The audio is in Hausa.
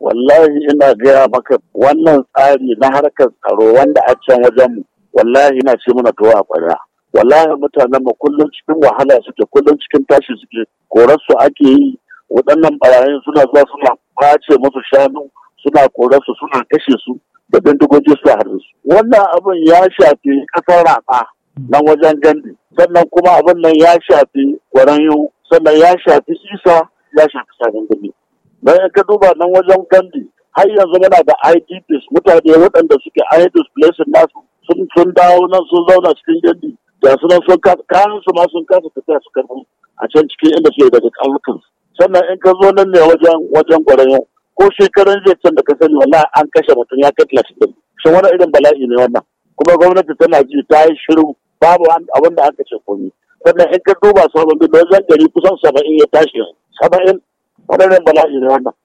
wallahi ina gaya maka wannan tsari na harkar tsaro wanda a can wajen mu wallahi ina ce muna towa kwana wallahi mutanen mu kullum cikin wahala suke kullum cikin tashi suke korar su ake yi waɗannan barayin suna zuwa suna face musu shanu suna korar su suna kashe su da bindigogi su a su wannan abin ya shafi kasar rafa nan wajen gandi sannan kuma abin nan ya shafi gwarayu sannan ya shafi isa ya shafi sabon gani bayan ka duba nan wajen kandi har yanzu muna da idps mutane waɗanda suke idps placing nasu sun sun dawo nan sun zauna cikin gandi da su nan sun kasa kayan su ma sun kasa tafiya su karɓi a can cikin inda suke daga ƙauyukan sannan in ka zo nan ne wajen wajen gwaran ko shekaran zai can da ka sani wallahi an kashe mutum ya kai talatin da shin wani irin bala'i ne wannan kuma gwamnati tana ji ta yi shiru babu abin da an kashe komi sannan in ka duba sabon bin wajen gari kusan saba'in ya tashi saba'in waɗannan bala'in da wannan